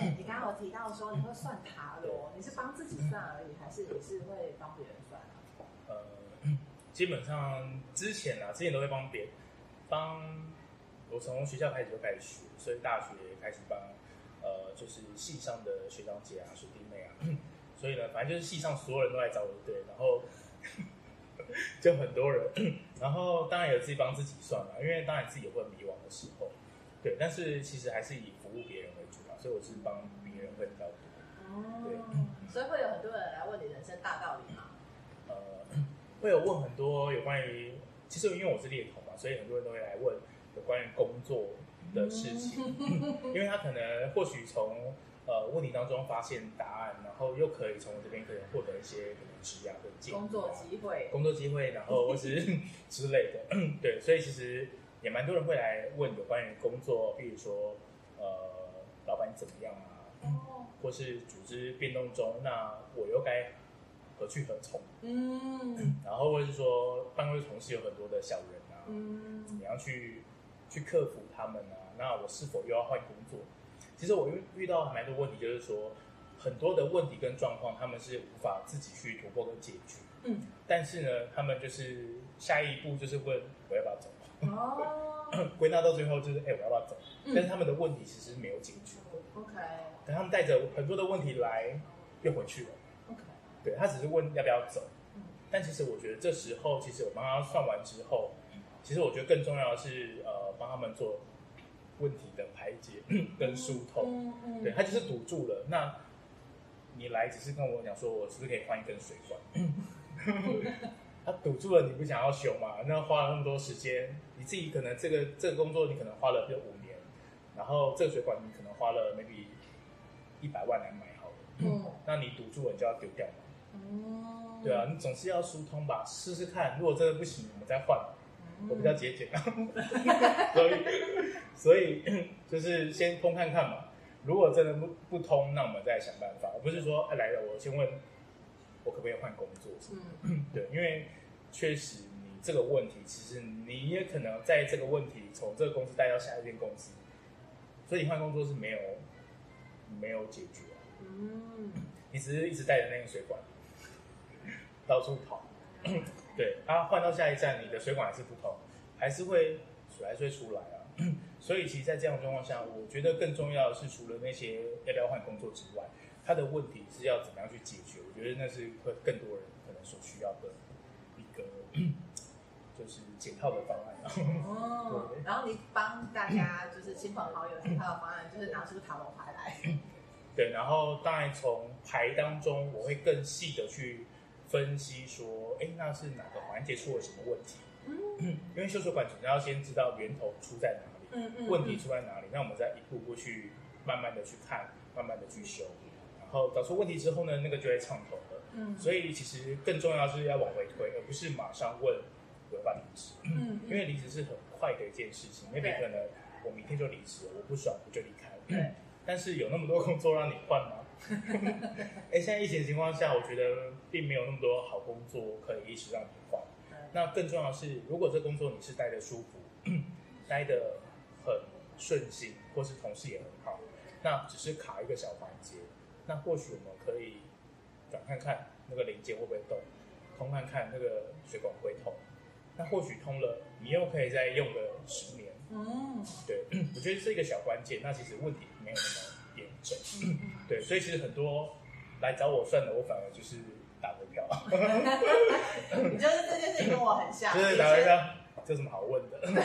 嗯、你剛剛有提到說你會算塔羅，嗯、你是幫自己算而已，嗯、還是也是會幫別人算啊？呃、基本上之前呢，之前都會幫別幫我從學校開始就開始學，所以大學開始幫呃，就是系上的學長姐啊、學弟妹啊，所以呢，反正就是系上所有人都來找我對，然後 就很多人，然後當然有自己幫自己算啦，因為當然自己也會迷惘的時候，對，但是其實還是以服務別人。所以我是幫別人問的，哦，對，所以會有很多人來問你人生大道理嘛。呃，會有問很多有關於，其實因為我是獵頭嘛，所以很多人都會來問有關於工作的事情，嗯、 因為他可能或許從呃問題當中發現答案，然後又可以從我這邊可能獲得一些職業的或者工作機會、工作機會，然後或者是 之類的， 對，所以其實也蠻多人會來問有關於工作，比如說呃。老闆怎麼樣啊？嗯，或是組織變動中，那我又該何去何從？嗯，然後或者是說，辦公室同事有很多的小人啊，嗯，怎麼樣去去克服他們啊？那我是否又要換工作？其實我遇遇到還蠻多問題，就是說，很多的問題跟狀況，他們是無法自己去突破跟解決。嗯，但是呢，他們就是下一步就是問我要不要走。哦。歸納 到最後就是，哎、欸，我要不要走？但是他們的問題其實沒有解決。OK, okay. 等他們帶着很多的問題來，又回去了。OK 對。對他只是問要不要走，但其實我覺得這時候，其實我幫他算完之後，Okay. 其實我覺得更重要的是，呃，幫他們做問題的排解 Okay. 跟疏通。Okay. 對他就是堵住了，那你來只是跟我講說，說，我是不是可以換一根水管？ 它堵住了，你不想要修嘛？那花了那麼多時間，你自己可能這個這個工作你可能花了這五年，然後這個水管你可能花了 maybe 一百萬來買好了，嗯、那你堵住了你就要丟掉嘛？嗯、對啊，你總是要疏通吧，試試看，如果真的不行，我們再換。我比較節儉、啊嗯， 所以所以就是先通看看嘛，如果真的不不通，那我們再想辦法，而不是說、哎、來了我先問。我可不可以換工作？嗯，對，因為確實你這個問題，其實你也可能在這個問題從這個公司帶到下一間公司，所以換工作是沒有沒有解決的。嗯，你只是一直帶着那個水管到處跑。對，啊，換到下一站，你的水管還是不通，還是會水還是會出來啊。所以，其實，在這樣的狀況下，我覺得更重要的是，除了那些要不要換工作之外。他的問題是要怎麼樣去解決？我覺得那是會更多人可能所需要的，一個、嗯、就是解套的方案，啊。哦， 對然後你幫大家就是親朋好友解套的方案，嗯，就是拿出塔羅牌來。對，然後當然從牌當中，我會更細的去分析說，哎，那是哪個環節出了什麼問題？嗯嗯，因為修水管，主要先知道源頭出在哪裡，嗯嗯嗯，問題出在哪裡，那我們再一步步去慢慢的去看，慢慢的去修。然後找出問題之後呢，那個就會暢通了。嗯，所以其實更重要的是要往回推，而不是馬上問我要辦離職。嗯，因為離職是很快的一件事情。嗯、那 maybe 可能我明天就離職了，我不爽我就離開了。嗯、但是有那麼多工作讓你換嗎？哎、 欸，現在疫情情況下，我覺得並沒有那麼多好工作可以一直讓你換。嗯、那更重要的是，如果這工作你是待的舒服，嗯、待的很順心，或是同事也很好，那只是卡一個小環節。那或許我們可以轉看看那個零件會不會動，通看看那個水管會通。那或許通了，你又可以再用個十年。嗯，對，我覺得是一個小關鍵。那其實問題沒有那麼嚴重。嗯、對，所以其實很多來找我算的，我反而就是打回票。你覺得這件事情跟我很像，就是打回票，前就什麼好問的。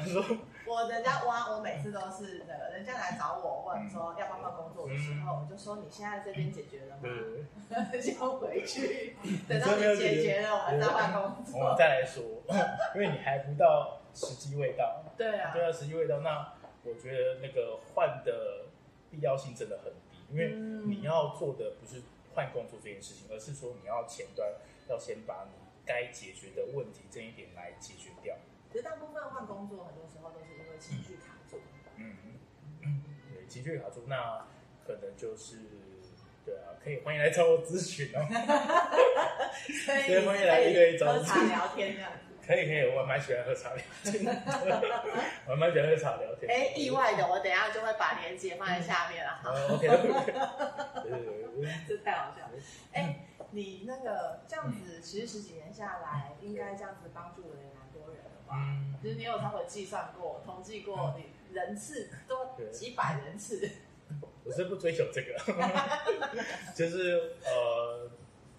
說 我人家哇，我每次都是這個，人家來找我問說要換工作的時候，我就說你現在這邊解決了嗎？就、嗯嗯、 先回去，等到你解決了，我再換工作。我們再來說，因為你還不到時機未到。 對啊，對啊，時機未到。那我覺得那個換的必要性真的很低，因為你要做的不是換工作這件事情，而是說你要前端要先把你該解決的問題這一點來解決掉。其實大部分換工作，很多時候都是因為情緒卡住。嗯，對，情緒卡住，那可能就是，對啊，可以歡迎來找我諮詢哦。可以歡迎來一對一找我喝茶聊天的。可以可以，我蠻喜歡喝茶聊天的。我蠻喜歡喝茶聊天。哎，意外的，我等下就會把鏈接放在下面了哈。OK。這太好笑了。哎。你那個這樣子，其實十幾年下來，應該這樣子幫助了也蠻多人的吧？其實、嗯、你有他們計算過、嗯、統計過，嗯、你人次多幾百人次。對對我是不追求這個， 就是呃，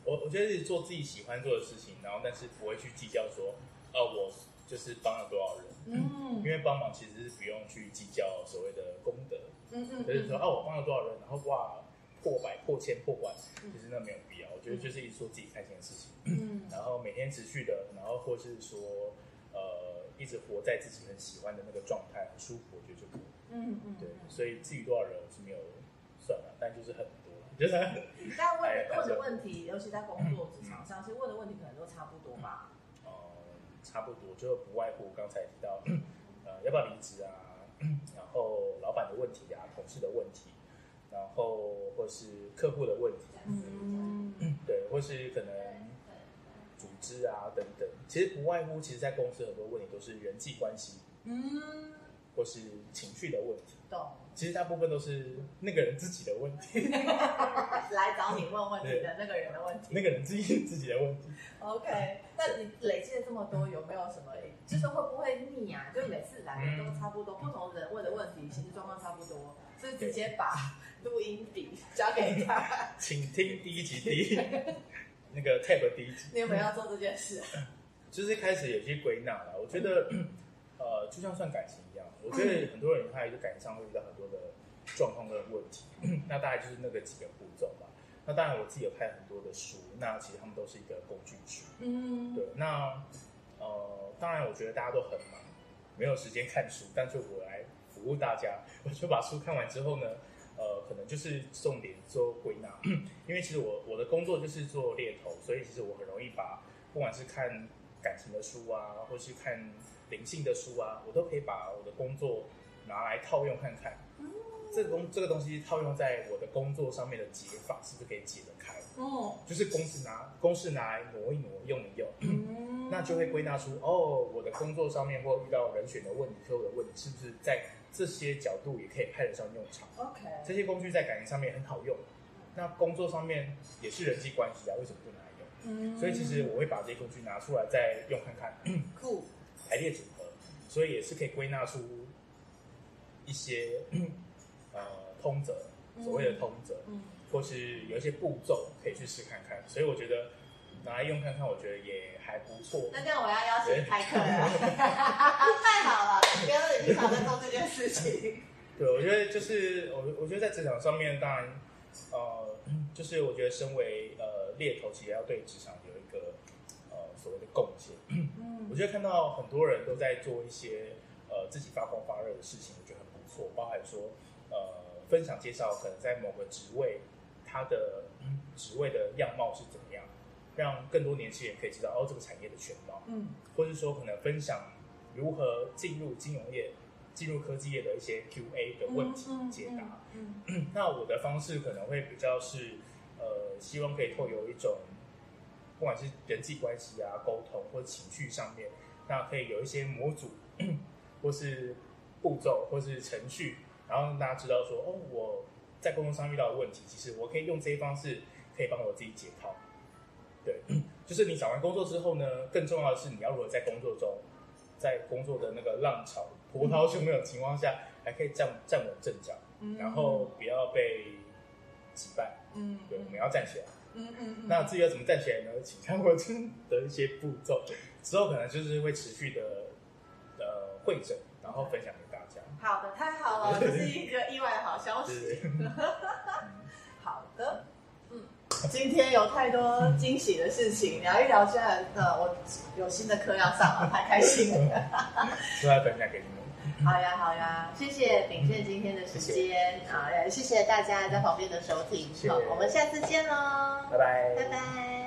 我我覺得自己做自己喜歡做的事情，然後但是不會去計較說，哦、呃，我就是幫了多少人，嗯，因為幫忙其實是不用去計較所謂的功德，嗯哼嗯，就是說哦、呃，我幫了多少人，然後哇。破百、破千、破、破萬，其實那沒有必要。嗯、我覺得就是一直說自己開心的事情，嗯、然後每天持續的，然後或者是說，呃，一直活在自己很喜歡的那個狀態、啊，很舒服，我覺得就可以、嗯。嗯嗯。對，所以至於多少人，我是沒有算了，但就是很多，嗯、就是他。你在問問的就問題，尤其在工作職場上，其實問的問題可能都差不多吧。哦、嗯，差不多，就不外乎剛才提到、呃，要不要離職啊？然後老闆的問題啊，同事的問題。然後，或是客戶的問題，嗯，對，或是可能組織啊等等，其實不外乎，其實在公司很多問題都是人際關係，嗯，或是情緒的問題，懂。其實大部分都是那個人自己的問題，來找你問問題的那個人的問題，那個人自己自己的問題。OK，那你累積了這麼多，有沒有什麼，就是會不會膩啊？就每次來的都差不多，不同人問的問題，其實狀況差不多。就直接把錄音筆交給他， 請聽第一集第一。那個 tape 第一集，你有沒有要做這件事？ 就是一開始有些歸納了，我覺得， 呃，就像算感情一樣，我覺得很多人他一個感情上會遇到很多的狀況的問題， 那大概就是那個幾個步驟吧。那當然我自己有拍很多的書，那其實他們都是一個工具書。嗯， 對。那呃，當然我覺得大家都很忙，沒有時間看書，但是我來。服務大家，我就把書看完之後呢，呃，可能就是重點做歸納， 因為其實我我的工作就是做獵頭，所以其實我很容易把不管是看感情的書啊，或是看靈性的書啊，我都可以把我的工作拿來套用看看。嗯、這個這個東西套用在我的工作上面的解法是不是可以解得開？哦，就是公式拿公式拿來挪一挪用一用， 那就會歸納出哦，我的工作上面或遇到人選的問題、客戶的問題，是不是在這些角度也可以派得上用場。OK，這些工具在感情上面很好用，那工作上面也是人際關係啊，為什麼不能用？嗯，所以其實我會把這些工具拿出來再用看看。酷，排列組合，所以也是可以歸納出一些呃通則，所謂的通則，嗯、或是有一些步驟可以去試看看。所以我覺得。拿來用看看，我覺得也還不錯。那這樣我要邀請開課了，對 太好了！覺得你經常在做這件事情。對，我覺得就是我，我覺得在職場上面，當然，呃，就是我覺得身為呃獵頭，其實要對職場有一個呃所謂的貢獻。嗯，我覺得看到很多人都在做一些呃自己發光發熱的事情，我覺得很不錯。包含說呃分享介紹，可能在某個職位，他的職位的樣貌是怎麼樣？讓更多年輕人可以知道哦，這個產業的全貌，嗯，或是說可能分享如何進入金融業、進入科技業的一些 Q&A 的問題解答。嗯，嗯，嗯， 那我的方式可能會比較是，呃，希望可以透過一種，不管是人際關係啊、溝通或情緒上面，那可以有一些模組， 或是步驟，或是程序，然後讓大家知道說，哦，我在工作上遇到的問題，其實我可以用這些方式可以幫我自己解套。對，就是你找完工作之後呢，更重要的是你要如何在工作中，在工作的那個浪潮波濤洶湧的情況下，還可以站站穩陣腳，然後不要被擊敗。嗯，對，嗯對，我們要站起來，嗯嗯，嗯那至於要怎麼站起來呢？請看我真的一些步驟，之後可能就是會持續的呃會診，然後分享給大家。好的，太好了，哦，這是一個意外好消息。 今天有太多驚喜的事情，你要一聊一聊下來，的、呃、我有新的課要上了，太開心了。所 要等一下給你們。好呀，好呀，謝謝秉憲今天的時間啊，謝謝，好也謝謝大家在旁邊的收聽。謝謝好，我們下次見嘍，拜拜 bye，拜拜。